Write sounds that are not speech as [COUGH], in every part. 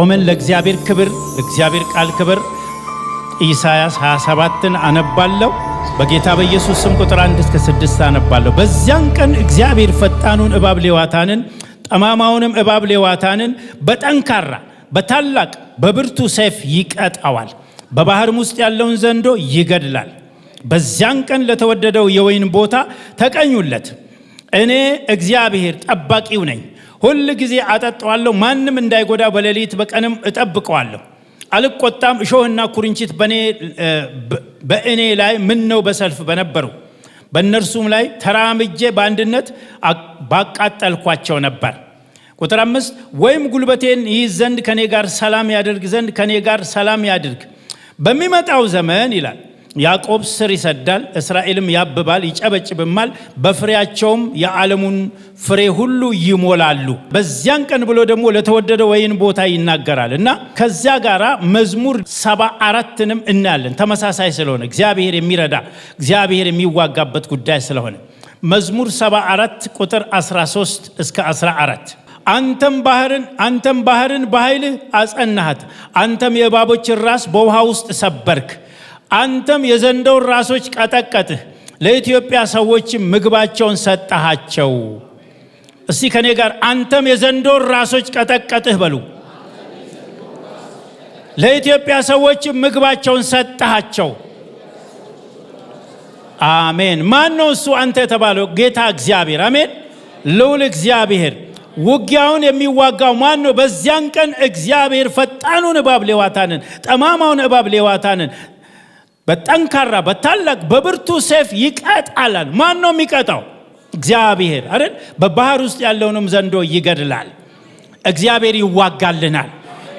ቆመን ለእግዚአብሔር ክብር ለእግዚአብሔር ቃል ክብር ኢሳያስ 27ን አነባለሁ። በጌታ በኢየሱስ ስም ቁጥር 1 እስከ 6 አነባለሁ። በዚያን ቀን እግዚአብሔር ፈጣኑን እባብ ሌዋታንን ጠማማውንም እባብ ሌዋታንን በጠንካራ በታላቅ በብርቱ ሰይፍ ይቀጣዋል፣ በባህርም ውስጥ ያለውን ዘንዶ ይገድላል። በዚያን ቀን ለተወደደው የወይን ቦታ ተቀኙለት። እኔ እግዚአብሔር ጠባቂው ነኝ ሁል ጊዜ አጠጣዋለሁ፣ ማንም እንዳይጎዳ በሌሊት በቀንም እጠብቀዋለሁ። አልቆጣም። እሾህና ኩርንችት በእኔ ላይ ምን ነው በሰልፍ በነበሩ በእነርሱም ላይ ተራምጄ በአንድነት ባቃጠልኳቸው ነበር። ቁጥር አምስት ወይም ጉልበቴን ይይዝ ዘንድ ከኔ ጋር ሰላም ያደርግ ዘንድ ከኔ ጋር ሰላም ያድርግ በሚመጣው ዘመን ይላል ያዕቆብ ስር ይሰዳል፣ እስራኤልም ያብባል፣ ይጨበጭብማል፣ በፍሬያቸውም የዓለሙን ፍሬ ሁሉ ይሞላሉ። በዚያን ቀን ብሎ ደግሞ ለተወደደ ወይን ቦታ ይናገራል እና ከዚያ ጋራ መዝሙር ሰባ አራትንም እናያለን። ተመሳሳይ ስለሆነ እግዚአብሔር የሚረዳ እግዚአብሔር የሚዋጋበት ጉዳይ ስለሆነ መዝሙር 74 ቁጥር 13 እስከ 14 አንተም ባህርን አንተም ባህርን በኃይልህ አጸናሃት፣ አንተም የእባቦችን ራስ በውሃ ውስጥ ሰበርክ አንተም የዘንዶውን ራሶች ቀጠቀጥህ፣ ለኢትዮጵያ ሰዎችም ምግባቸውን ሰጠሃቸው። እስቲ ከእኔ ጋር አንተም የዘንዶውን ራሶች ቀጠቀጥህ በሉ። ለኢትዮጵያ ሰዎችም ምግባቸውን ሰጠሃቸው። አሜን። ማን ነው እሱ? አንተ የተባለው ጌታ እግዚአብሔር። አሜን። ልውል እግዚአብሔር ውጊያውን የሚዋጋው ማን ነው? በዚያን ቀን እግዚአብሔር ፈጣኑን እባብ ሌዋታንን፣ ጠማማውን እባብ ሌዋታንን በጠንካራ በታላቅ በብርቱ ሰይፍ ይቀጣላል። ማን ነው የሚቀጣው? እግዚአብሔር አይደል? በባህር ውስጥ ያለውንም ዘንዶ ይገድላል። እግዚአብሔር ይዋጋልናል።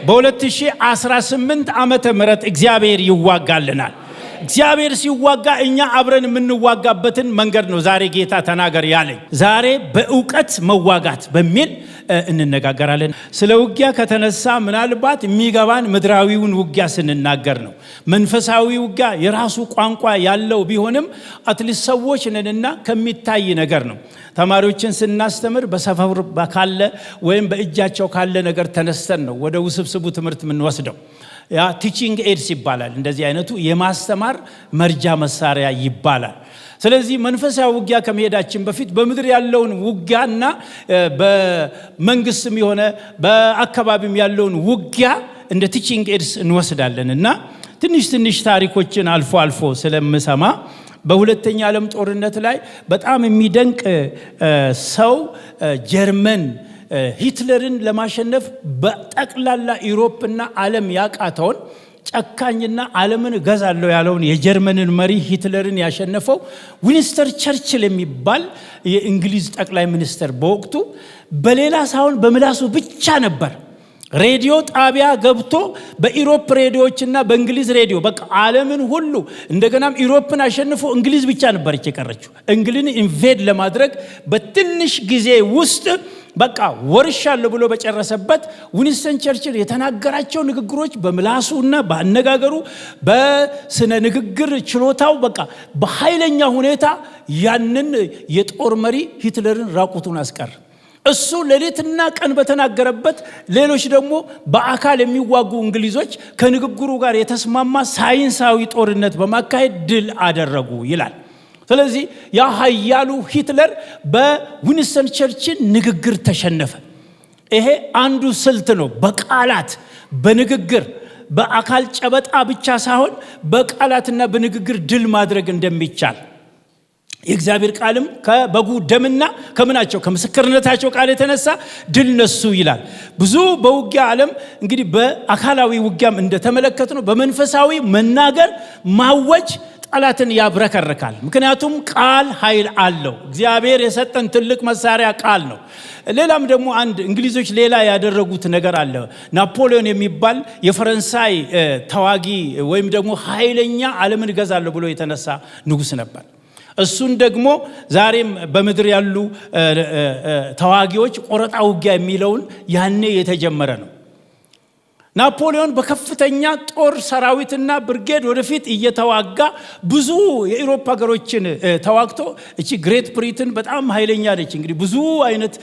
በ2018 ዓመተ ምህረት እግዚአብሔር ይዋጋልናል። እግዚአብሔር ሲዋጋ እኛ አብረን የምንዋጋበትን መንገድ ነው ዛሬ ጌታ ተናገር ያለኝ። ዛሬ በእውቀት መዋጋት በሚል እንነጋገራለን። ስለ ውጊያ ከተነሳ ምናልባት የሚገባን ምድራዊውን ውጊያ ስንናገር ነው። መንፈሳዊ ውጊያ የራሱ ቋንቋ ያለው ቢሆንም አትሊስ ሰዎች ነንና ከሚታይ ነገር ነው። ተማሪዎችን ስናስተምር በሰፈር ካለ ወይም በእጃቸው ካለ ነገር ተነስተን ነው ወደ ውስብስቡ ትምህርት የምንወስደው። ያ ቲቺንግ ኤድስ ይባላል። እንደዚህ አይነቱ የማስተማር መርጃ መሳሪያ ይባላል። ስለዚህ መንፈሳዊ ውጊያ ከመሄዳችን በፊት በምድር ያለውን ውጊያና በመንግስትም የሆነ በአካባቢም ያለውን ውጊያ እንደ ቲቺንግ ኤድስ እንወስዳለን እና ትንሽ ትንሽ ታሪኮችን አልፎ አልፎ ስለምሰማ በሁለተኛ ዓለም ጦርነት ላይ በጣም የሚደንቅ ሰው ጀርመን ሂትለርን ለማሸነፍ በጠቅላላ ኢሮፕና ዓለም ያቃተውን ጨካኝና ዓለምን እገዛለሁ ያለውን የጀርመንን መሪ ሂትለርን ያሸነፈው ዊንስተር ቸርችል የሚባል የእንግሊዝ ጠቅላይ ሚኒስትር በወቅቱ በሌላ ሳይሆን በምላሱ ብቻ ነበር ሬዲዮ ጣቢያ ገብቶ በኢሮፕ ሬዲዮዎችና በእንግሊዝ ሬዲዮ በቃ ዓለምን ሁሉ እንደገናም ኢሮፕን አሸንፎ እንግሊዝ ብቻ ነበረች የቀረችው። እንግሊን ኢንቬድ ለማድረግ በትንሽ ጊዜ ውስጥ በቃ ወርሻለሁ ብሎ በጨረሰበት ዊንስተን ቸርችል የተናገራቸው ንግግሮች በምላሱ እና በአነጋገሩ በስነ ንግግር ችሎታው በቃ በኃይለኛ ሁኔታ ያንን የጦር መሪ ሂትለርን ራቁቱን አስቀር። እሱ ሌሊትና ቀን በተናገረበት ሌሎች ደግሞ በአካል የሚዋጉ እንግሊዞች ከንግግሩ ጋር የተስማማ ሳይንሳዊ ጦርነት በማካሄድ ድል አደረጉ ይላል። ስለዚህ ያ ሀያሉ ሂትለር በዊንስተን ቸርችል ንግግር ተሸነፈ። ይሄ አንዱ ስልት ነው። በቃላት በንግግር በአካል ጨበጣ ብቻ ሳይሆን በቃላትና በንግግር ድል ማድረግ እንደሚቻል የእግዚአብሔር ቃልም ከበጉ ደምና ከምናቸው ከምስክርነታቸው ቃል የተነሳ ድል ነሱ ይላል። ብዙ በውጊያ ዓለም እንግዲህ በአካላዊ ውጊያም እንደተመለከት ነው በመንፈሳዊ መናገር ማወጅ ጠላትን ያብረከርካል። ምክንያቱም ቃል ኃይል አለው። እግዚአብሔር የሰጠን ትልቅ መሳሪያ ቃል ነው። ሌላም ደግሞ አንድ እንግሊዞች ሌላ ያደረጉት ነገር አለ። ናፖሊዮን የሚባል የፈረንሳይ ተዋጊ ወይም ደግሞ ኃይለኛ አለምን እገዛለሁ ብሎ የተነሳ ንጉስ ነበር። እሱን ደግሞ ዛሬም በምድር ያሉ ተዋጊዎች ቆረጣ ውጊያ የሚለውን ያኔ የተጀመረ ነው። ናፖሊዮን በከፍተኛ ጦር ሰራዊትና ብርጌድ ወደፊት እየተዋጋ ብዙ የኢሮፓ ሀገሮችን ተዋግቶ እቺ ግሬት ፕሪትን በጣም ኃይለኛ ነች። እንግዲህ ብዙ አይነት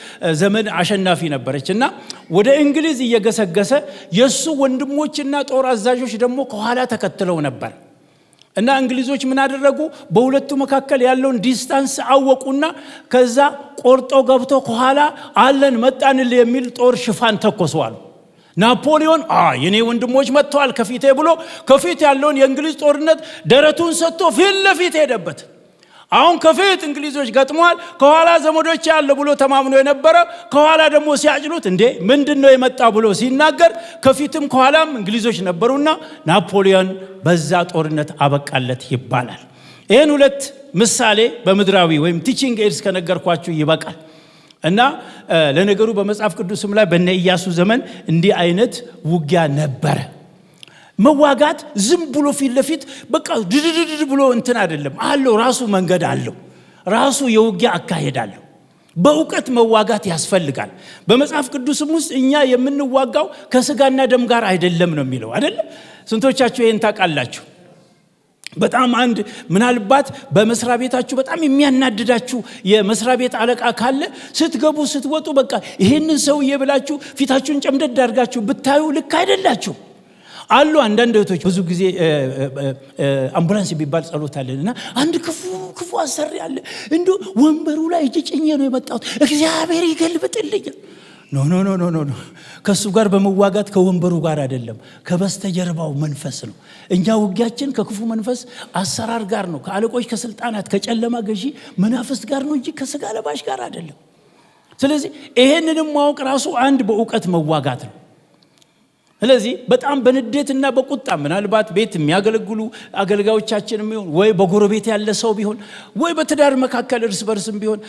ዘመን አሸናፊ ነበረች እና ወደ እንግሊዝ እየገሰገሰ የእሱ ወንድሞችና ጦር አዛዦች ደግሞ ከኋላ ተከትለው ነበር እና እንግሊዞች ምን አደረጉ? በሁለቱ መካከል ያለውን ዲስታንስ አወቁና ከዛ ቆርጦ ገብቶ ከኋላ አለን መጣንል የሚል ጦር ሽፋን ተኮሰዋል። ናፖሊዮን የኔ ወንድሞች መጥተዋል ከፊቴ ብሎ ከፊት ያለውን የእንግሊዝ ጦርነት ደረቱን ሰጥቶ ፊት ለፊት ሄደበት። አሁን ከፊት እንግሊዞች ገጥመዋል፣ ከኋላ ዘመዶች ያለ ብሎ ተማምኖ የነበረ ከኋላ ደግሞ ሲያጭሉት እንዴ ምንድን ነው የመጣ ብሎ ሲናገር ከፊትም ከኋላም እንግሊዞች ነበሩና ናፖሊዮን በዛ ጦርነት አበቃለት ይባላል። ይህን ሁለት ምሳሌ በምድራዊ ወይም ቲችንግ ኤድስ ከነገርኳችሁ ይበቃል። እና ለነገሩ በመጽሐፍ ቅዱስም ላይ በነ ኢያሱ ዘመን እንዲህ አይነት ውጊያ ነበረ። መዋጋት ዝም ብሎ ፊት ለፊት በቃ ድድድድ ብሎ እንትን አይደለም አለው። ራሱ መንገድ አለው፣ ራሱ የውጊያ አካሄድ አለው። በእውቀት መዋጋት ያስፈልጋል። በመጽሐፍ ቅዱስም ውስጥ እኛ የምንዋጋው ከስጋና ደም ጋር አይደለም ነው የሚለው አይደለም። ስንቶቻችሁ ይህን ታውቃላችሁ? በጣም አንድ ምናልባት በመስሪያ ቤታችሁ በጣም የሚያናድዳችሁ የመስሪያ ቤት አለቃ ካለ ስትገቡ ስትወጡ፣ በቃ ይህንን ሰውዬ ብላችሁ ፊታችሁን ጨምደድ አድርጋችሁ ብታዩ ልክ አይደላችሁ። አሉ አንዳንድ እህቶች ብዙ ጊዜ አምቡላንስ የሚባል ጸሎት አለን እና አንድ ክፉ ክፉ አሰሪ አለ እንዲ ወንበሩ ላይ እጅ ጭኜ ነው የመጣሁት እግዚአብሔር ይገልብጥልኛል ኖ ኖ ኖ ኖ ኖ ከእሱ ጋር በመዋጋት ከወንበሩ ጋር አይደለም፣ ከበስተጀርባው መንፈስ ነው። እኛ ውጊያችን ከክፉ መንፈስ አሰራር ጋር ነው፣ ከአለቆች፣ ከስልጣናት፣ ከጨለማ ገዢ መናፍስት ጋር ነው እንጂ ከስጋ ለባሽ ጋር አይደለም። ስለዚህ ይሄንንም ማወቅ ራሱ አንድ በእውቀት መዋጋት ነው። ስለዚህ በጣም በንዴትና በቁጣ ምናልባት ቤት የሚያገለግሉ አገልጋዮቻችን ቢሆን ወይ በጎረቤት ያለ ሰው ቢሆን ወይ በትዳር መካከል እርስ በርስም ቢሆን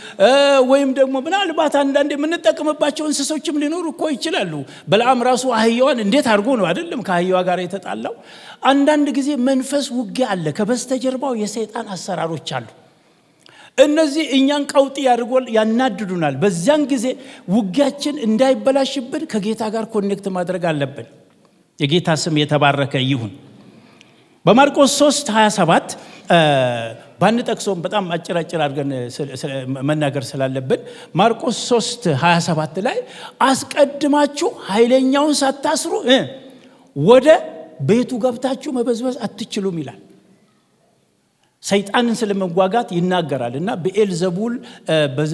ወይም ደግሞ ምናልባት አንዳንድ የምንጠቅምባቸው እንስሶችም ሊኖሩ እኮ ይችላሉ። በላም ራሱ አህያዋን እንዴት አድርጎ ነው አይደለም ከአህያዋ ጋር የተጣላው? አንዳንድ ጊዜ መንፈስ ውጊያ አለ። ከበስተጀርባው የሰይጣን አሰራሮች አሉ። እነዚህ እኛን ቀውጢ ያድርጎል ያናድዱናል። በዚያን ጊዜ ውጊያችን እንዳይበላሽብን ከጌታ ጋር ኮኔክት ማድረግ አለብን። የጌታ ስም የተባረከ ይሁን። በማርቆስ 3 27 ባንጠቅሶም በጣም አጭር አጭር አድርገን መናገር ስላለብን ማርቆስ 3 27 ላይ አስቀድማችሁ ኃይለኛውን ሳታስሩ ወደ ቤቱ ገብታችሁ መበዝበዝ አትችሉም ይላል። ሰይጣንን ስለመዋጋት ይናገራል እና ብኤልዘቡል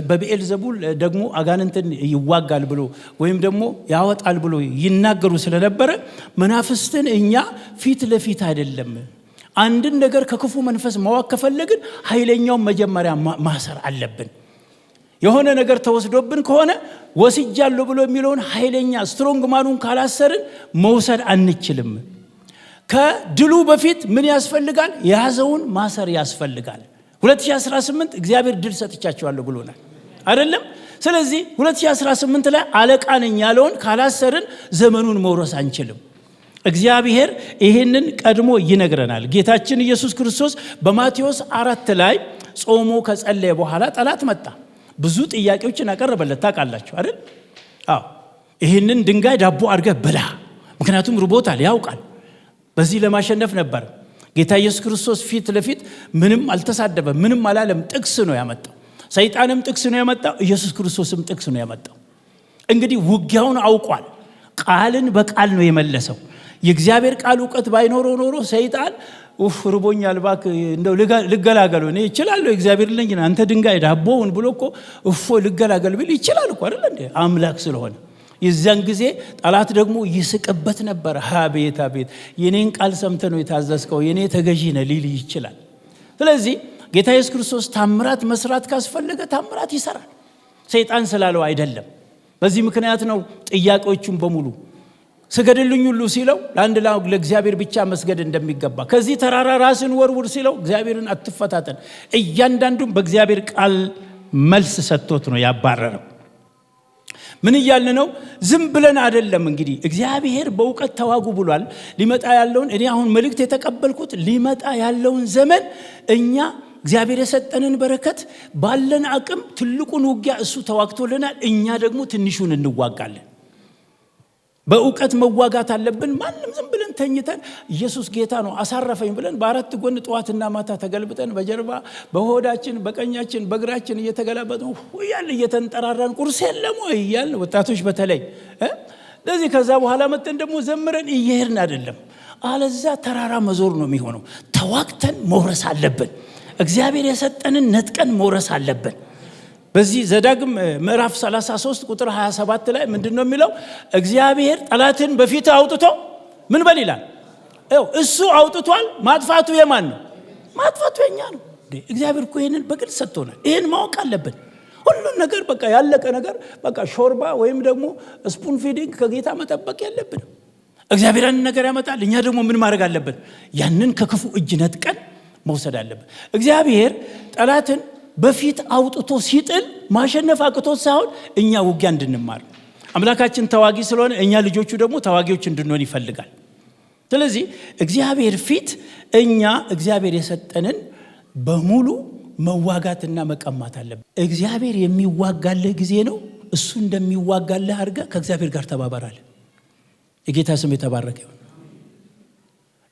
በብኤልዘቡል ደግሞ አጋንንትን ይዋጋል ብሎ ወይም ደግሞ ያወጣል ብሎ ይናገሩ ስለነበረ መናፍስትን እኛ ፊት ለፊት አይደለም አንድን ነገር ከክፉ መንፈስ ማዋቅ ከፈለግን ኃይለኛውን መጀመሪያ ማሰር አለብን። የሆነ ነገር ተወስዶብን ከሆነ ወስጃለሁ ብሎ የሚለውን ኃይለኛ ስትሮንግ ማኑን ካላሰርን መውሰድ አንችልም። ከድሉ በፊት ምን ያስፈልጋል? የያዘውን ማሰር ያስፈልጋል። 2018 እግዚአብሔር ድል ሰጥቻቸዋለሁ ብሎናል አይደለም? ስለዚህ 2018 ላይ አለቃ ነኝ ያለውን ካላሰርን ዘመኑን መውረስ አንችልም። እግዚአብሔር ይህንን ቀድሞ ይነግረናል። ጌታችን ኢየሱስ ክርስቶስ በማቴዎስ አራት ላይ ጾሞ ከጸለየ በኋላ ጠላት መጣ። ብዙ ጥያቄዎችን አቀረበለት። ታውቃላችሁ አይደል? አዎ፣ ይህንን ድንጋይ ዳቦ አድርገህ ብላ፣ ምክንያቱም ርቦታል ያውቃል በዚህ ለማሸነፍ ነበር። ጌታ ኢየሱስ ክርስቶስ ፊት ለፊት ምንም አልተሳደበም፣ ምንም አላለም። ጥቅስ ነው ያመጣው። ሰይጣንም ጥቅስ ነው ያመጣው፣ ኢየሱስ ክርስቶስም ጥቅስ ነው ያመጣው። እንግዲህ ውጊያውን አውቋል። ቃልን በቃል ነው የመለሰው። የእግዚአብሔር ቃል እውቀት ባይኖረው ኖሮ ሰይጣን ኡፍ ርቦኛል፣ እባክህ እንደው ልገላገሉ እኔ ይችላል እግዚአብሔር ለኝ አንተ ድንጋይ ዳቦውን ብሎ እኮ እፎ ልገላገል ብል ይችላል እኮ አይደል እንዴ አምላክ ስለሆነ የዚያን ጊዜ ጠላት ደግሞ ይስቅበት ነበር። አቤት ቤት የኔን ቃል ሰምተ ነው የታዘዝከው፣ የኔ ተገዢ ነ ሊል ይችላል። ስለዚህ ጌታ የሱስ ክርስቶስ ታምራት መስራት ካስፈለገ ታምራት ይሰራል። ሰይጣን ስላለው አይደለም። በዚህ ምክንያት ነው ጥያቄዎቹን በሙሉ ስገድልኝ ሁሉ ሲለው ለአንድ ለእግዚአብሔር ብቻ መስገድ እንደሚገባ፣ ከዚህ ተራራ ራስን ወርውር ሲለው እግዚአብሔርን አትፈታተን፣ እያንዳንዱም በእግዚአብሔር ቃል መልስ ሰጥቶት ነው ያባረረው። ምን እያልን ነው? ዝም ብለን አደለም። እንግዲህ እግዚአብሔር በእውቀት ተዋጉ ብሏል። ሊመጣ ያለውን እኔ አሁን መልእክት የተቀበልኩት ሊመጣ ያለውን ዘመን እኛ እግዚአብሔር የሰጠንን በረከት ባለን አቅም ትልቁን ውጊያ እሱ ተዋግቶልናል። እኛ ደግሞ ትንሹን እንዋጋለን። በእውቀት መዋጋት አለብን። ማንም ዝም ብለን ተኝተን ኢየሱስ ጌታ ነው አሳረፈኝ ብለን በአራት ጎን ጠዋትና ማታ ተገልብጠን በጀርባ በሆዳችን በቀኛችን በግራችን እየተገላበጥ እያል እየተንጠራራን ቁርስ የለም እያል ወጣቶች በተለይ ለዚህ ከዛ በኋላ መጠን ደግሞ ዘምረን እየሄድን አይደለም። አለዛ ተራራ መዞር ነው የሚሆነው። ተዋግተን መውረስ አለብን። እግዚአብሔር የሰጠንን ነጥቀን መውረስ አለብን። በዚህ ዘዳግም ምዕራፍ 33 ቁጥር 27 ላይ ምንድን ነው የሚለው? እግዚአብሔር ጠላትን በፊት አውጥቶ ምን በል ይላል። እሱ አውጥቷል። ማጥፋቱ የማን ነው? ማጥፋቱ የኛ ነው። እግዚአብሔር እኮ ይህንን በግልጽ ሰጥቶናል። ይህን ማወቅ አለብን። ሁሉን ነገር በቃ ያለቀ ነገር በቃ ሾርባ ወይም ደግሞ ስፑን ፊዲንግ ከጌታ መጠበቅ የለብንም። እግዚአብሔር ያንን ነገር ያመጣል። እኛ ደግሞ ምን ማድረግ አለብን? ያንን ከክፉ እጅ ነጥቀን መውሰድ አለብን። እግዚአብሔር ጠላትን በፊት አውጥቶ ሲጥል ማሸነፍ አቅቶ ሳይሆን እኛ ውጊያ እንድንማር አምላካችን ተዋጊ ስለሆነ እኛ ልጆቹ ደግሞ ተዋጊዎች እንድንሆን ይፈልጋል። ስለዚህ እግዚአብሔር ፊት እኛ እግዚአብሔር የሰጠንን በሙሉ መዋጋትና መቀማት አለብን። እግዚአብሔር የሚዋጋልህ ጊዜ ነው። እሱ እንደሚዋጋልህ አድርገ ከእግዚአብሔር ጋር ተባበራል። የጌታ ስም የተባረከ ይሁን።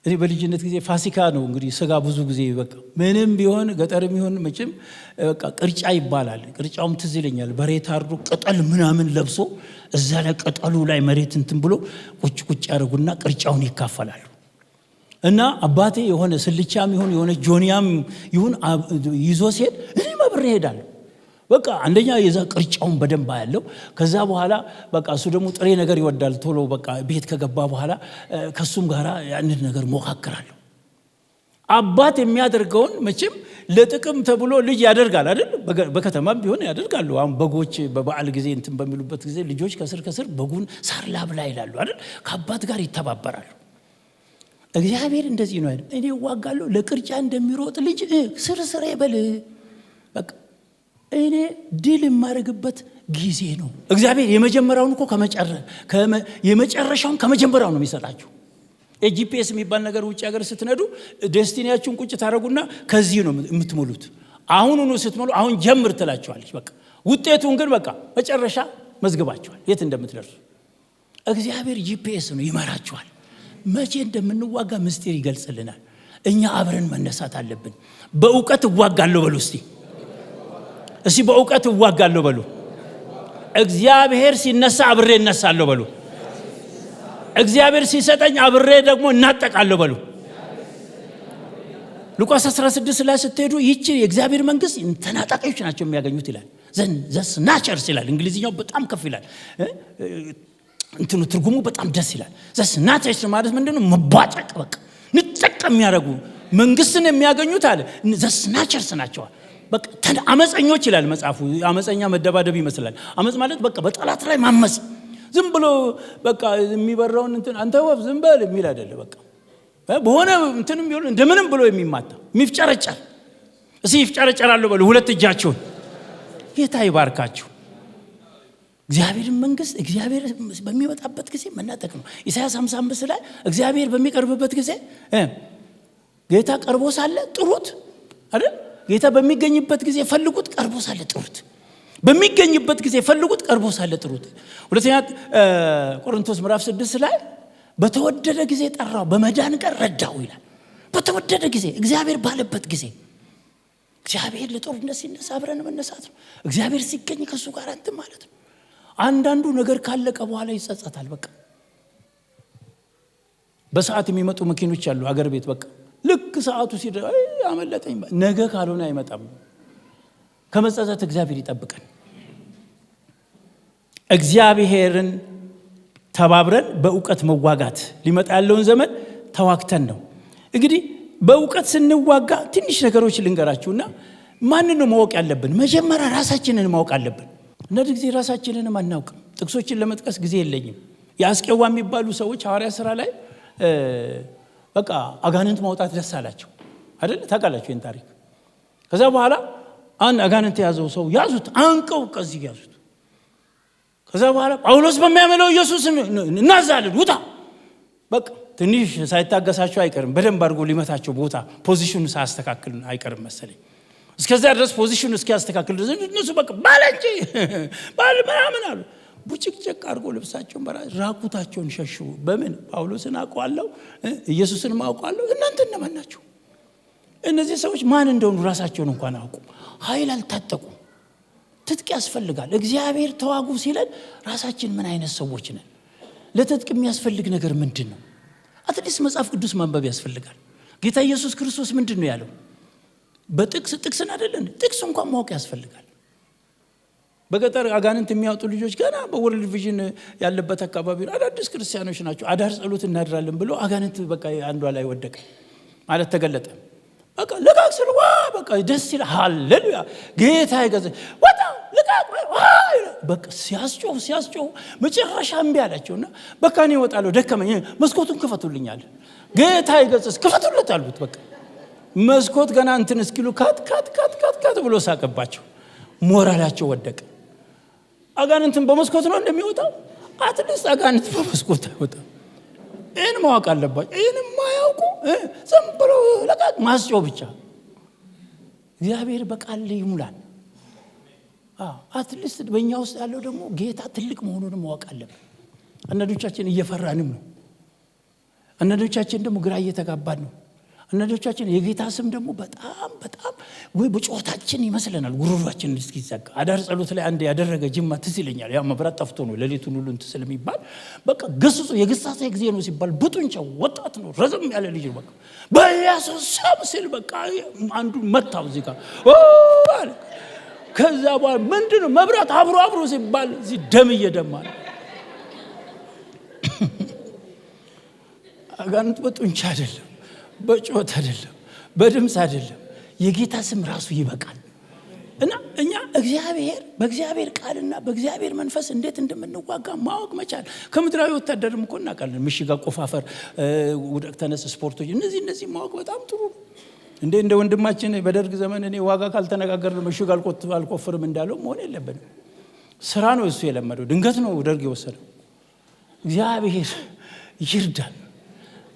እኔ በልጅነት ጊዜ ፋሲካ ነው እንግዲህ ስጋ ብዙ ጊዜ በቃ ምንም ቢሆን ገጠር ይሆን መቼም በቃ ቅርጫ ይባላል። ቅርጫውም ትዝ ይለኛል። በሬት አርዶ ቅጠል ምናምን ለብሶ እዛ ላይ ቅጠሉ ላይ መሬት እንትን ብሎ ቁጭ ቁጭ ያደርጉና ቅርጫውን ይካፈላሉ። እና አባቴ የሆነ ስልቻም ይሁን የሆነ ጆንያም ይሁን ይዞ ሲሄድ እኔ መብር እሄዳለሁ። በቃ አንደኛ የዛ ቅርጫውን በደንብ ያለው ከዛ በኋላ በቃ እሱ ደግሞ ጥሬ ነገር ይወዳል። ቶሎ በቃ ቤት ከገባ በኋላ ከሱም ጋር ያንን ነገር ሞካክራለሁ። አባት የሚያደርገውን መቼም ለጥቅም ተብሎ ልጅ ያደርጋል አይደል? በከተማም ቢሆን ያደርጋሉ። አሁን በጎች በበዓል ጊዜ እንትን በሚሉበት ጊዜ ልጆች ከስር ከስር በጉን ሳር ላብላ ይላሉ አይደል? ከአባት ጋር ይተባበራሉ። እግዚአብሔር እንደዚህ ነው እኔ እዋጋለሁ ለቅርጫ እንደሚሮጥ ልጅ ስር ስር ይበል በቃ እኔ ድል የማደርግበት ጊዜ ነው። እግዚአብሔር የመጀመሪያውን እኮ የመጨረሻውን ከመጀመሪያው ነው የሚሰጣችሁ። ጂፒኤስ የሚባል ነገር ውጭ ሀገር ስትነዱ ደስቲኒያችሁን ቁጭ ታደረጉና ከዚህ ነው የምትሞሉት። ኑ ስትሞሉ አሁን ጀምር ትላችኋለች። በቃ ውጤቱን ግን በቃ መጨረሻ መዝግባችኋል፣ የት እንደምትደርሱ እግዚአብሔር ጂፒኤስ ነው ይመራችኋል። መቼ እንደምንዋጋ ምስጢር ይገልጽልናል። እኛ አብረን መነሳት አለብን። በእውቀት እዋጋለሁ በሉ እስቲ እስቲ በእውቀት እዋጋለሁ በሉ። እግዚአብሔር ሲነሳ አብሬ እነሳለሁ በሉ። እግዚአብሔር ሲሰጠኝ አብሬ ደግሞ እናጠቃለሁ በሉ። ሉቃስ 16 ላይ ስትሄዱ ይቺ የእግዚአብሔር መንግስት ተናጣቂዎች ናቸው የሚያገኙት ይላል። ዘስ ይላል። እንግሊዝኛው በጣም ከፍ ይላል። እንትኑ ትርጉሙ በጣም ደስ ይላል። ዘስ ናቸርስ ማለት ምንድነው? መቧጨቅ በቃ ንጠቅ የሚያደርጉ መንግስትን የሚያገኙት አለ ዘስ ናቸርስ ናቸዋል። አመፀኞች ይላል መጽሐፉ። አመፀኛ መደባደብ ይመስላል። አመፅ ማለት በቃ በጠላት ላይ ማመፅ፣ ዝም ብሎ በቃ የሚበራውን እንትን አንተ ወፍ ዝም በል የሚል አደለ በቃ በሆነ እንትንም ቢሆን እንደምንም ብሎ የሚማታ የሚፍጨረጨር፣ እስኪ ይፍጨረጨራሉ በሉ ሁለት እጃቸውን። ጌታ ይባርካችሁ። እግዚአብሔርን መንግስት እግዚአብሔር በሚወጣበት ጊዜ መናጠቅ ነው። ኢሳያስ 55 ላይ እግዚአብሔር በሚቀርብበት ጊዜ ጌታ ቀርቦ ሳለ ጥሩት አይደል ጌታ በሚገኝበት ጊዜ ፈልጉት፣ ቀርቦ ሳለ ጥሩት። በሚገኝበት ጊዜ ፈልጉት፣ ቀርቦ ሳለ ጥሩት። ሁለተኛ ቆሮንቶስ ምዕራፍ ስድስት ላይ በተወደደ ጊዜ ጠራው፣ በመዳን ቀን ረዳው ይላል። በተወደደ ጊዜ እግዚአብሔር ባለበት ጊዜ እግዚአብሔር ለጦርነት ሲነሳ አብረን መነሳት ነው። እግዚአብሔር ሲገኝ ከእሱ ጋር አንትም ማለት ነው። አንዳንዱ ነገር ካለቀ በኋላ ይጸጸታል። በቃ በሰዓት የሚመጡ መኪኖች አሉ አገር ቤት በቃ ልክ ሰዓቱ ሲደ አመለጠኝ። ነገ ካልሆነ አይመጣም። ከመጻዛት እግዚአብሔር ይጠብቀን። እግዚአብሔርን ተባብረን በእውቀት መዋጋት ሊመጣ ያለውን ዘመን ተዋግተን ነው። እንግዲህ በእውቀት ስንዋጋ ትንሽ ነገሮች ልንገራችሁና ማንን ነው ማወቅ ያለብን? መጀመሪያ ራሳችንን ማወቅ አለብን። እነዚህ ጊዜ ራሳችንንም አናውቅም። ጥቅሶችን ለመጥቀስ ጊዜ የለኝም። የአስቄዋ የሚባሉ ሰዎች ሐዋርያ ስራ ላይ በቃ አጋንንት ማውጣት ደስ አላቸው አይደል? ታውቃላችሁ ይህን ታሪክ። ከዛ በኋላ አንድ አጋንንት የያዘው ሰው ያዙት፣ አንቀው ከዚህ ያዙት። ከዛ በኋላ ጳውሎስ በሚያመለው ኢየሱስ እናዛልን ውጣ። በቃ ትንሽ ሳይታገሳቸው አይቀርም። በደንብ አድርጎ ሊመታቸው ቦታ ፖዚሽኑ ሳያስተካክል አይቀርም መሰለኝ። እስከዚያ ድረስ ፖዚሽኑ እስኪያስተካክል ድረስ እነሱ በቃ ባለንጂ ባል ምናምን አሉ። ቡጭቅጭቅ አድርጎ ልብሳቸውን በራ ራቁታቸውን ሸሹ። በምን ጳውሎስን አውቀዋለሁ ኢየሱስንም አውቀዋለሁ። እናንተ እነማን ናቸው? እነዚህ ሰዎች ማን እንደሆኑ ራሳቸውን እንኳን አውቁ። ኃይል አልታጠቁ? ትጥቅ ያስፈልጋል። እግዚአብሔር ተዋጉ ሲለን ራሳችን ምን አይነት ሰዎች ነን? ለትጥቅ የሚያስፈልግ ነገር ምንድን ነው? አትሊስት መጽሐፍ ቅዱስ ማንበብ ያስፈልጋል። ጌታ ኢየሱስ ክርስቶስ ምንድን ነው ያለው? በጥቅስ ጥቅስን አይደለን ጥቅስ እንኳን ማወቅ ያስፈልጋል። በገጠር አጋንንት የሚያወጡ ልጆች ገና በወርልድ ቪዥን ያለበት አካባቢ አዳዲስ ክርስቲያኖች ናቸው። አዳር ጸሎት እናድራለን ብሎ አጋንንት በቃ አንዷ ላይ ወደቀ ማለት ተገለጠ። በቃ ልቃቅ ስል ዋ በቃ ደስ ይል ሃሌሉያ ጌታ ይገዘ ወጣ ልቃቅ በቃ ሲያስጮሁ ሲያስጮሁ መጨረሻ እምቢ አላቸውና በቃ እኔ እወጣለሁ ደከመኝ፣ መስኮቱን ክፈቱልኛል። ጌታ ይገጽስ ክፈቱለት አሉት። በቃ መስኮት ገና እንትን እስኪሉ ካት ካት ካት ካት ብሎ ሳቀባቸው፣ ሞራላቸው ወደቀ። አጋንንትን በመስኮት ነው እንደሚወጣው። አትሊስት አጋንንት በመስኮት አይወጣም። ይህን ማወቅ አለባቸው። ይህን ማያውቁ ዝም ብሎ ለቃቅ ማስጮህ ብቻ። እግዚአብሔር በቃል ይሙላል። አትሊስት በእኛ ውስጥ ያለው ደግሞ ጌታ ትልቅ መሆኑንም ማወቅ አለብን። አንዳንዶቻችን እየፈራንም ነው። አንዳንዶቻችን ደግሞ ግራ እየተጋባን ነው። አንዳንዶቻችን የጌታ ስም ደግሞ በጣም በጣም ወይ በጩኸታችን ይመስለናል ጉሮሯችን እስኪዘጋ። አዳር ጸሎት ላይ አንድ ያደረገ ጅማ ትስ ይለኛል። ያ መብራት ጠፍቶ ነው ሌሊቱን ሁሉ እንትን ስለሚባል በቃ ገስጹ የግሳጼ ጊዜ ነው ሲባል ብጡንቻ ወጣት ነው ረዘም ያለ ልጅ ነው። በቃ በኢያሱስ ሲል በቃ አንዱ መታው እዚህ ጋር አለ። ከዛ በኋላ ምንድነው መብራት አብሮ አብሮ ሲባል እዚህ ደም እየደማ ነው። አጋንንት በጡንቻ አይደለም በጩኸት አይደለም፣ በድምፅ አይደለም። የጌታ ስም ራሱ ይበቃል። እና እኛ እግዚአብሔር በእግዚአብሔር ቃልና በእግዚአብሔር መንፈስ እንዴት እንደምንዋጋ ማወቅ መቻል። ከምድራዊ ወታደርም እኮ እናውቃለን። ምሽግ አቆፋፈር፣ ውደቅ ተነስ፣ ስፖርቶች፣ እነዚህ እነዚህ ማወቅ በጣም ጥሩ ነው። እንዴ እንደ ወንድማችን በደርግ ዘመን እኔ ዋጋ ካልተነጋገርን ምሽግ አልቆፍርም እንዳለው መሆን የለብንም። ስራ ነው እሱ የለመደው። ድንገት ነው ደርግ የወሰደው። እግዚአብሔር ይርዳል።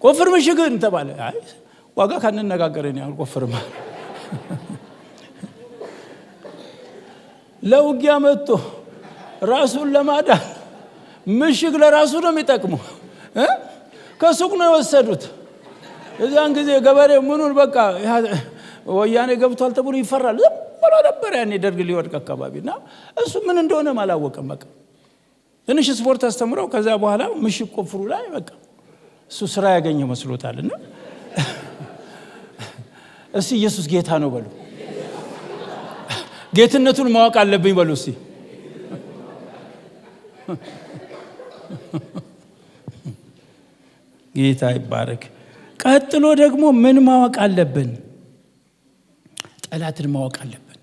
ቆፍር ምሽግ ተባለ። ዋጋ ካንነጋገርን ያህል ቆፍርማ ለውጊያ መጥቶ ራሱን ለማዳ ምሽግ ለራሱ ነው የሚጠቅሙ። ከሱቅ ነው የወሰዱት። እዚያን ጊዜ ገበሬ ምኑን በቃ ወያኔ ገብቷል ተብሎ ይፈራል። ዝም ብሎ ነበር ያኔ ደርግ ሊወድቅ አካባቢ እና እሱ ምን እንደሆነም አላወቀም። በቃ ትንሽ ስፖርት አስተምረው ከዚያ በኋላ ምሽግ ቆፍሩ ላይ በቃ እሱ ስራ ያገኘው መስሎታል። እና [LAUGHS] እስቲ ኢየሱስ ጌታ ነው በሉ፣ ጌትነቱን ማወቅ አለብኝ በሉ እስቲ [LAUGHS] ጌታ ይባረክ። ቀጥሎ ደግሞ ምን ማወቅ አለብን? ጠላትን ማወቅ አለብን።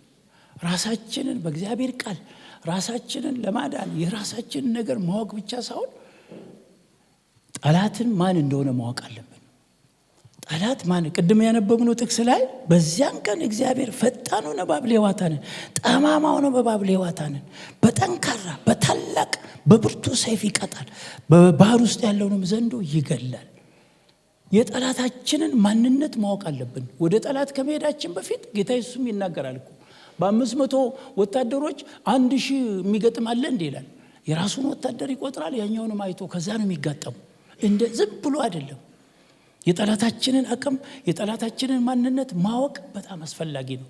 ራሳችንን በእግዚአብሔር ቃል ራሳችንን ለማዳን የራሳችንን ነገር ማወቅ ብቻ ሳሆን ጠላትን ማን እንደሆነ ማወቅ አለብን። ጠላት ማን? ቅድም ያነበብነው ጥቅስ ላይ በዚያም ቀን እግዚአብሔር ፈጣን ሆነ ባብሌ ዋታንን፣ ጠማማ ሆነ በባብሌ ዋታንን፣ በጠንካራ በታላቅ በብርቱ ሰይፍ ይቀጣል፣ በባህር ውስጥ ያለውንም ዘንዶ ይገላል። የጠላታችንን ማንነት ማወቅ አለብን። ወደ ጠላት ከመሄዳችን በፊት ጌታ ሱም ይናገራል በአምስት መቶ ወታደሮች አንድ ሺህ የሚገጥም አለ እንዲ ይላል። የራሱን ወታደር ይቆጥራል፣ ያኛውንም አይቶ ከዛ ነው የሚጋጠሙ እንደ ዝም ብሎ አይደለም። የጠላታችንን አቅም የጠላታችንን ማንነት ማወቅ በጣም አስፈላጊ ነው።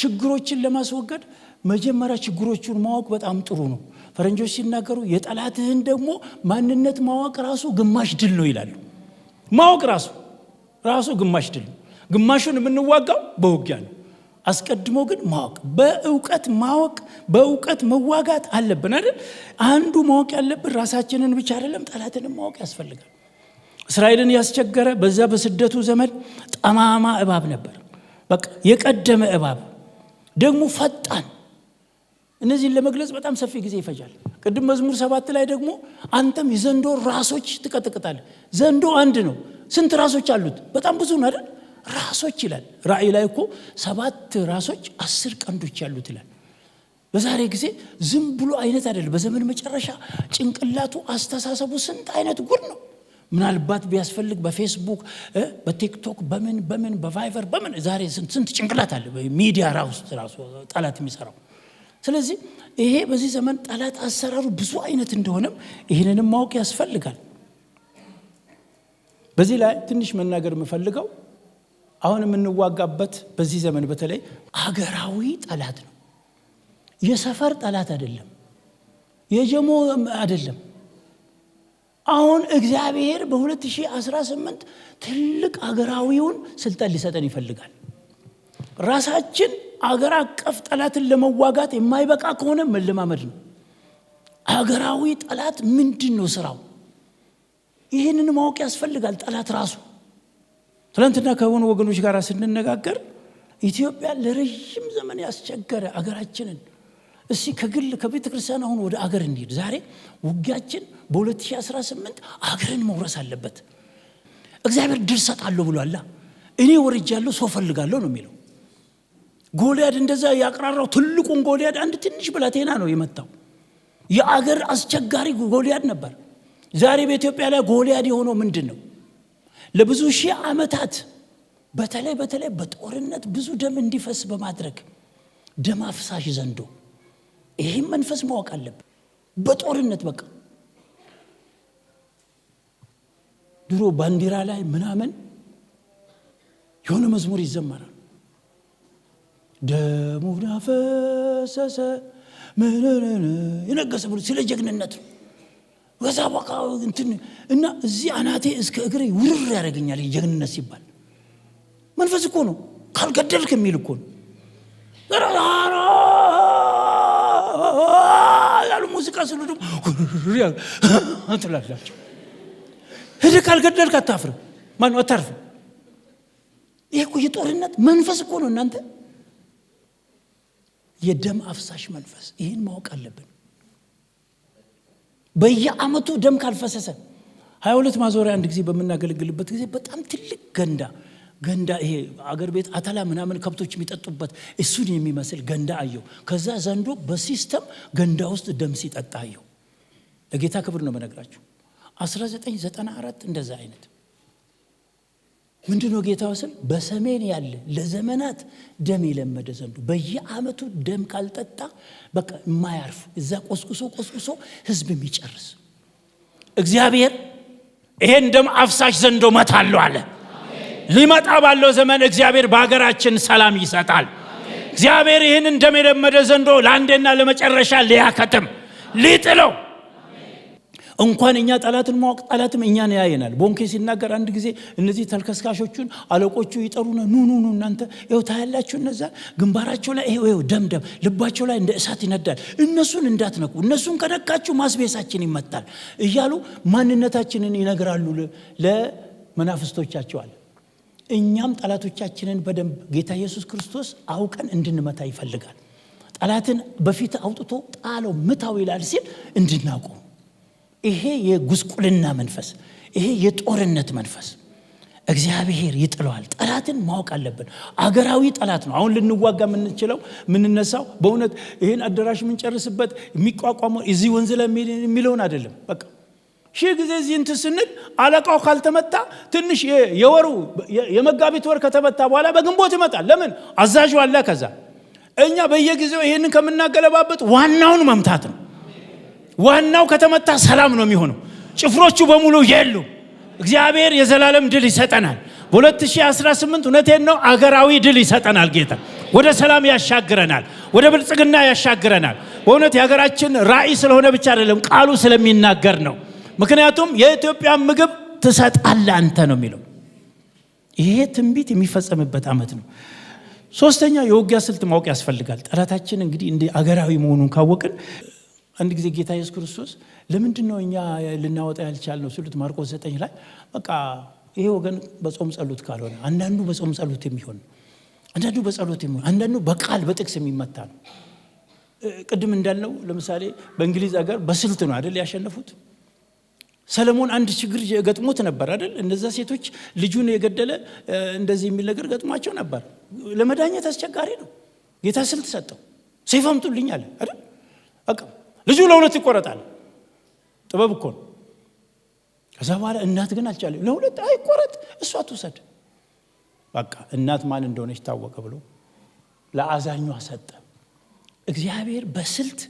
ችግሮችን ለማስወገድ መጀመሪያ ችግሮቹን ማወቅ በጣም ጥሩ ነው። ፈረንጆች ሲናገሩ የጠላትህን ደግሞ ማንነት ማወቅ ራሱ ግማሽ ድል ነው ይላሉ። ማወቅ ራሱ ራሱ ግማሽ ድል ነው። ግማሹን የምንዋጋው በውጊያ ነው። አስቀድሞ ግን ማወቅ በእውቀት ማወቅ በእውቀት መዋጋት አለብን አይደል? አንዱ ማወቅ ያለብን ራሳችንን ብቻ አይደለም፣ ጠላትንም ማወቅ ያስፈልጋል። እስራኤልን ያስቸገረ በዛ በስደቱ ዘመን ጠማማ እባብ ነበር። በቃ የቀደመ እባብ ደግሞ ፈጣን። እነዚህን ለመግለጽ በጣም ሰፊ ጊዜ ይፈጃል። ቅድም መዝሙር ሰባት ላይ ደግሞ አንተም የዘንዶ ራሶች ትቀጥቅጣለ ዘንዶ አንድ ነው፣ ስንት ራሶች አሉት? በጣም ብዙ ነው አይደል? ራሶች ይላል። ራእይ ላይ እኮ ሰባት ራሶች አስር ቀንዶች ያሉት ይላል። በዛሬ ጊዜ ዝም ብሎ አይነት አይደለም። በዘመን መጨረሻ ጭንቅላቱ፣ አስተሳሰቡ ስንት አይነት ጉድ ነው። ምናልባት ቢያስፈልግ በፌስቡክ፣ በቲክቶክ፣ በምን በምን በቫይቨር በምን ዛሬ ስንት ጭንቅላት አለ። ሚዲያ ራሱ ጠላት የሚሰራው ስለዚህ ይሄ በዚህ ዘመን ጠላት አሰራሩ ብዙ አይነት እንደሆነም ይህንንም ማወቅ ያስፈልጋል። በዚህ ላይ ትንሽ መናገር የምፈልገው አሁን የምንዋጋበት በዚህ ዘመን በተለይ አገራዊ ጠላት ነው። የሰፈር ጠላት አይደለም፣ የጀሞ አይደለም። አሁን እግዚአብሔር በ2018 ትልቅ አገራዊውን ስልጠን ሊሰጠን ይፈልጋል። ራሳችን አገር አቀፍ ጠላትን ለመዋጋት የማይበቃ ከሆነ መለማመድ ነው። አገራዊ ጠላት ምንድን ነው ስራው? ይህንን ማወቅ ያስፈልጋል። ጠላት ራሱ ትላንትና ከሆኑ ወገኖች ጋር ስንነጋገር ኢትዮጵያ ለረዥም ዘመን ያስቸገረ አገራችንን እስቲ ከግል ከቤተ ክርስቲያን አሁን ወደ አገር እንሄድ። ዛሬ ውጊያችን በ2018 አገርን መውረስ አለበት። እግዚአብሔር ድር ሰጣለሁ ብሏላ። እኔ ወርጃለሁ ሰው ፈልጋለሁ ነው የሚለው። ጎልያድ እንደዛ ያቅራራው ትልቁን ጎልያድ አንድ ትንሽ ብላቴና ነው የመታው። የአገር አስቸጋሪ ጎልያድ ነበር። ዛሬ በኢትዮጵያ ላይ ጎልያድ የሆነው ምንድን ነው? ለብዙ ሺህ ዓመታት በተለይ በተለይ በጦርነት ብዙ ደም እንዲፈስ በማድረግ ደም አፍሳሽ ዘንዶ ይህም መንፈስ ማወቅ አለብን። በጦርነት በቃ ድሮ ባንዲራ ላይ ምናምን የሆነ መዝሙር ይዘመራል። ደሙ አፈሰሰ የነገሰ ስለ ጀግንነት ነው። በዛ በቃ እንትን እና እዚህ አናቴ እስከ እግሬ ውርር ያደርገኛል። ጀግንነት ሲባል መንፈስ እኮ ነው፣ ካልገደልክ የሚል እኮ ነው። ያሉ ሙዚቃ ስሉ ደግሞ ትላላቸው። ሂድ ካልገደልክ አታፍር ማነው አታርፍ ይሄ እኮ የጦርነት መንፈስ እኮ ነው እናንተ፣ የደም አፍሳሽ መንፈስ። ይህን ማወቅ አለብን። በየአመቱ ደም ካልፈሰሰ ሀያ ሁለት ማዞሪያ አንድ ጊዜ በምናገለግልበት ጊዜ በጣም ትልቅ ገንዳ ገንዳ ይሄ አገር ቤት አተላ ምናምን ከብቶች የሚጠጡበት እሱን የሚመስል ገንዳ አየው ከዛ ዘንዶ በሲስተም ገንዳ ውስጥ ደም ሲጠጣ አየው ለጌታ ክብር ነው መነግራቸው 1994 እንደዛ አይነት ምንድነው ጌታው ስል በሰሜን ያለ ለዘመናት ደም የለመደ ዘንዱ በየአመቱ ደም ካልጠጣ በቃ የማያርፍ እዛ ቆስቁሶ ቆስቁሶ ህዝብ የሚጨርስ እግዚአብሔር ይሄን ደም አፍሳሽ ዘንዶ መታለሁ አለ። ሊመጣ ባለው ዘመን እግዚአብሔር በሀገራችን ሰላም ይሰጣል። እግዚአብሔር ይህንን ደም የለመደ ዘንዶ ለአንዴና ለመጨረሻ ሊያከትም ሊጥለው እንኳን እኛ ጠላትን ማወቅ ጠላትም እኛን ያየናል። ቦንኬ ሲናገር አንድ ጊዜ እነዚህ ተልከስካሾቹን አለቆቹ ይጠሩና ኑ ኑ ኑ እናንተ ው ታያላችሁ፣ እነዛ ግንባራቸው ላይ ይኸው ደምደም ልባቸው ላይ እንደ እሳት ይነዳል፣ እነሱን እንዳትነኩ፣ እነሱን ከነካችሁ ማስቤሳችን ይመጣል እያሉ ማንነታችንን ይነግራሉ ለመናፍስቶቻቸው አለ። እኛም ጠላቶቻችንን በደንብ ጌታ ኢየሱስ ክርስቶስ አውቀን እንድንመታ ይፈልጋል። ጠላትን በፊት አውጥቶ ጣለው ምታው ይላል ሲል እንድናውቀው ይሄ የጉስቁልና መንፈስ፣ ይሄ የጦርነት መንፈስ እግዚአብሔር ይጥለዋል። ጠላትን ማወቅ አለብን። አገራዊ ጠላት ነው። አሁን ልንዋጋ የምንችለው የምንነሳው በእውነት ይህን አዳራሽ የምንጨርስበት የሚቋቋመው እዚህ ወንዝ የሚለውን አይደለም። በቃ ሺህ ጊዜ እዚህንት ስንል አለቃው ካልተመታ ትንሽ የወሩ የመጋቢት ወር ከተመታ በኋላ በግንቦት ይመጣል። ለምን አዛዥ አለ ከዛ እኛ በየጊዜው ይህንን ከምናገለባበት ዋናውን መምታት ነው። ዋናው ከተመታ ሰላም ነው የሚሆነው። ጭፍሮቹ በሙሉ የሉ። እግዚአብሔር የዘላለም ድል ይሰጠናል። በ2018 እውነቴን ነው አገራዊ ድል ይሰጠናል ጌታ ወደ ሰላም ያሻግረናል፣ ወደ ብልጽግና ያሻግረናል። በእውነት የሀገራችን ራዕይ ስለሆነ ብቻ አይደለም ቃሉ ስለሚናገር ነው። ምክንያቱም የኢትዮጵያ ምግብ ትሰጣለህ አንተ ነው የሚለው። ይሄ ትንቢት የሚፈጸምበት ዓመት ነው። ሶስተኛ የውጊያ ስልት ማወቅ ያስፈልጋል። ጠላታችን እንግዲህ እንደ አገራዊ መሆኑን ካወቅን አንድ ጊዜ ጌታ ኢየሱስ ክርስቶስ ለምንድን ነው እኛ ልናወጣ ነው ሲሉት ማርቆስ ዘጠኝ ላይ በቃ ይሄ ወገን በጾም ጸሎት ካልሆነ አንዳንዱ በጾም ጸሎት የሚሆን አንዳንዱ በጸሎት የሚሆን አንዳንዱ በቃል በጥቅስ የሚመታ ነው። ቅድም እንዳልነው ለምሳሌ በእንግሊዝ ሀገር በስልት ነው አይደል ያሸነፉት። ሰለሞን አንድ ችግር ገጥሞት ነበር አይደል? እነዛ ሴቶች ልጁን የገደለ እንደዚህ የሚል ነገር ገጥሟቸው ነበር። ለመዳኘት አስቸጋሪ ነው። ጌታ ስልት ሰጠው። ሰይፍ አምጡልኝ አለ አይደል? ልጁ ለሁለት ይቆረጣል። ጥበብ እኮ ነው። ከዛ በኋላ እናት ግን አልቻለ። ለሁለት አይቆረጥ፣ እሷ ትውሰድ። በቃ እናት ማን እንደሆነች ታወቀ ብሎ ለአዛኟ ሰጠ። እግዚአብሔር በስልት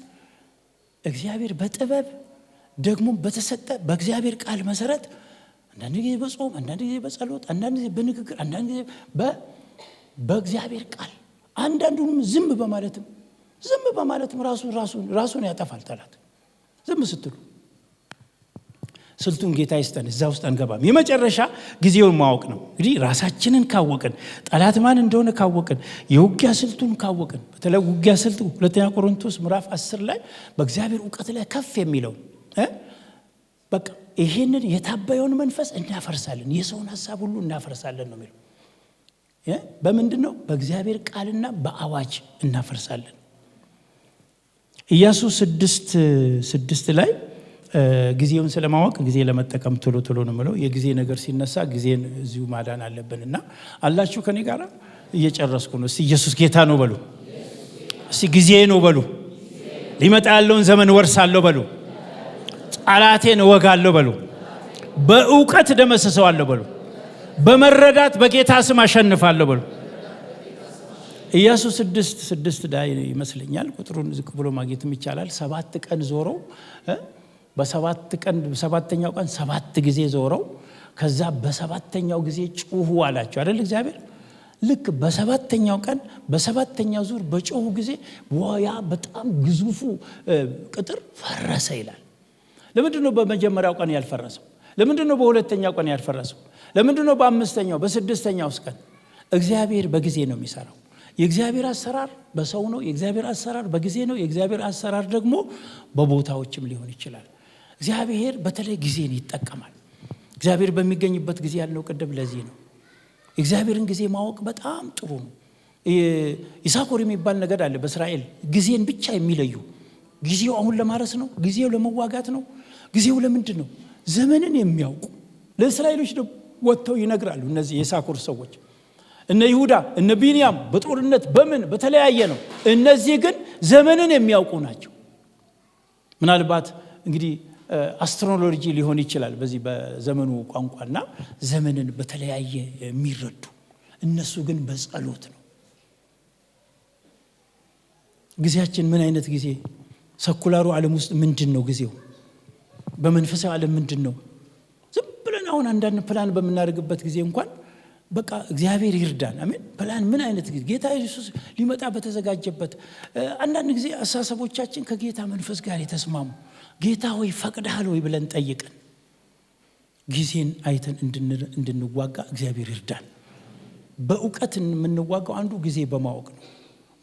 እግዚአብሔር በጥበብ ደግሞ በተሰጠ በእግዚአብሔር ቃል መሰረት አንዳንድ ጊዜ በጾም አንዳንድ ጊዜ በጸሎት አንዳንድ ጊዜ በንግግር አንዳንድ ጊዜ በእግዚአብሔር ቃል አንዳንዱንም ዝም በማለትም ዝም በማለትም ራሱን ራሱን ራሱን ያጠፋል ጠላት። ዝም ስትሉ ስልቱን ጌታ ይስጠን። እዛ ውስጥ አንገባም። የመጨረሻ ጊዜውን ማወቅ ነው። እንግዲህ ራሳችንን ካወቅን፣ ጠላት ማን እንደሆነ ካወቅን፣ የውጊያ ስልቱን ካወቅን፣ በተለይ ውጊያ ስልቱ ሁለተኛ ቆሮንቶስ ምዕራፍ አስር ላይ በእግዚአብሔር እውቀት ላይ ከፍ የሚለው በቃ ይህንን የታበየውን መንፈስ እናፈርሳለን፣ የሰውን ሀሳብ ሁሉ እናፈርሳለን ነው የሚለው። በምንድን ነው? በእግዚአብሔር ቃልና በአዋጅ እናፈርሳለን። ኢያሱ ስድስት ስድስት ላይ ጊዜውን ስለማወቅ ጊዜ ለመጠቀም ቶሎ ቶሎ ነው ምለው። የጊዜ ነገር ሲነሳ ጊዜን እዚሁ ማዳን አለብን እና አላችሁ ከኔ ጋር እየጨረስኩ ነው። እስ ኢየሱስ ጌታ ነው በሉ። እስ ጊዜ ነው በሉ። ሊመጣ ያለውን ዘመን ወርሳለሁ በሉ። ጠላቴን እወጋለሁ በሉ። በእውቀት አለው በሉ። በመረዳት በጌታ ስም አሸንፋለሁ በሉ። ኢያሱ ስድስት ስድስት ላይ ይመስለኛል ቁጥሩን ዝቅ ብሎ ማግኘትም ይቻላል። ሰባት ቀን ዞረው በሰባት ቀን ሰባተኛው ቀን ሰባት ጊዜ ዞረው ከዛ በሰባተኛው ጊዜ ጩሁ አላቸው አደል እግዚአብሔር ልክ በሰባተኛው ቀን በሰባተኛው ዙር በጮሁ ጊዜ ያ በጣም ግዙፉ ቅጥር ፈረሰ ይላል። ለምንድን ነው በመጀመሪያው ቀን ያልፈረሰው? ለምንድን ነው በሁለተኛው ቀን ያልፈረሰው? ለምንድን ነው በአምስተኛው በስድስተኛው ቀን? እግዚአብሔር በጊዜ ነው የሚሰራው። የእግዚአብሔር አሰራር በሰው ነው። የእግዚአብሔር አሰራር በጊዜ ነው። የእግዚአብሔር አሰራር ደግሞ በቦታዎችም ሊሆን ይችላል። እግዚአብሔር በተለይ ጊዜን ይጠቀማል። እግዚአብሔር በሚገኝበት ጊዜ ያለው ቅድም ለዚህ ነው። የእግዚአብሔርን ጊዜ ማወቅ በጣም ጥሩ ነው። ይሳኮር የሚባል ነገድ አለ በእስራኤል ጊዜን ብቻ የሚለዩ ጊዜው አሁን ለማረስ ነው፣ ጊዜው ለመዋጋት ነው፣ ጊዜው ለምንድን ነው? ዘመንን የሚያውቁ ለእስራኤሎች ወጥተው ይነግራሉ። እነዚህ የሳኮር ሰዎች እነ ይሁዳ እነ ቢንያም በጦርነት በምን በተለያየ ነው። እነዚህ ግን ዘመንን የሚያውቁ ናቸው። ምናልባት እንግዲህ አስትሮሎጂ ሊሆን ይችላል በዚህ በዘመኑ ቋንቋና ዘመንን በተለያየ የሚረዱ እነሱ ግን በጸሎት ነው። ጊዜያችን ምን አይነት ጊዜ፣ ሰኩላሩ ዓለም ውስጥ ምንድን ነው ጊዜው፣ በመንፈሳዊ ዓለም ምንድን ነው? ዝም ብለን አሁን አንዳንድ ፕላን በምናደርግበት ጊዜ እንኳን በቃ እግዚአብሔር ይርዳን። አሜን። ፕላን ምን አይነት ጌታ ኢየሱስ ሊመጣ በተዘጋጀበት አንዳንድ ጊዜ አሳሰቦቻችን ከጌታ መንፈስ ጋር የተስማሙ ጌታ ወይ ፈቅደሃል ወይ ብለን ጠይቀን ጊዜን አይተን እንድንዋጋ እግዚአብሔር ይርዳን። በእውቀት የምንዋጋው አንዱ ጊዜ በማወቅ ነው።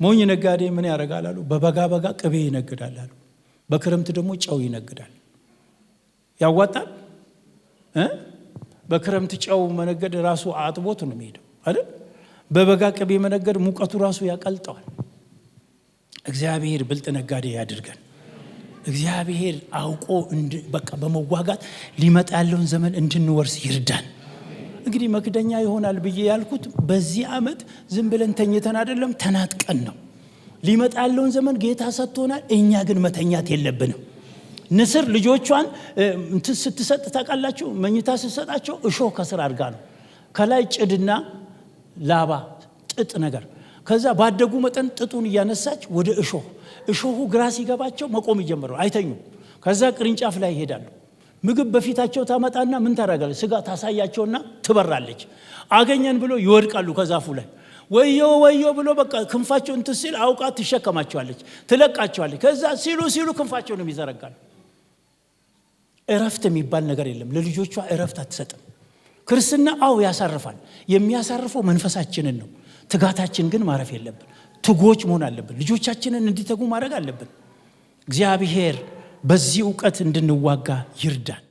ሞኝ ነጋዴ ምን ያደርጋል አሉ። በበጋ በጋ ቅቤ ይነግዳል አሉ። በክረምት ደግሞ ጨው ይነግዳል። ያዋጣል በክረምት ጨው መነገድ ራሱ አጥቦት ነው የሚሄደው አይደል? በበጋ ቅቤ መነገድ ሙቀቱ ራሱ ያቀልጠዋል። እግዚአብሔር ብልጥ ነጋዴ ያድርገን። እግዚአብሔር አውቆ በቃ በመዋጋት ሊመጣ ያለውን ዘመን እንድንወርስ ይርዳን። እንግዲህ መክደኛ ይሆናል ብዬ ያልኩት በዚህ ዓመት ዝም ብለን ተኝተን አይደለም፣ ተናጥቀን ነው። ሊመጣ ያለውን ዘመን ጌታ ሰጥቶናል። እኛ ግን መተኛት የለብንም። ንስር ልጆቿን ስትሰጥ ታውቃላችሁ። መኝታ ስትሰጣቸው እሾህ ከስር አድርጋ ነው። ከላይ ጭድና ላባ ጥጥ ነገር። ከዛ ባደጉ መጠን ጥጡን እያነሳች ወደ እሾህ እሾሁ ግራ ሲገባቸው መቆም ይጀምራሉ። አይተኙ ከዛ ቅርንጫፍ ላይ ይሄዳሉ። ምግብ በፊታቸው ታመጣና ምን ታደርጋለች? ስጋ ታሳያቸውና ትበራለች። አገኘን ብሎ ይወድቃሉ ከዛፉ ላይ ወዮ ወዮ ብሎ በቃ ክንፋቸው እንትን ሲል አውቃ ትሸከማቸዋለች፣ ትለቃቸዋለች። ከዛ ሲሉ ሲሉ ክንፋቸውንም ይዘረጋል። እረፍት የሚባል ነገር የለም። ለልጆቿ እረፍት አትሰጥም። ክርስትና አው ያሳርፋል። የሚያሳርፈው መንፈሳችንን ነው። ትጋታችን ግን ማረፍ የለብን። ትጎች መሆን አለብን። ልጆቻችንን እንዲተጉ ማድረግ አለብን። እግዚአብሔር በዚህ እውቀት እንድንዋጋ ይርዳል።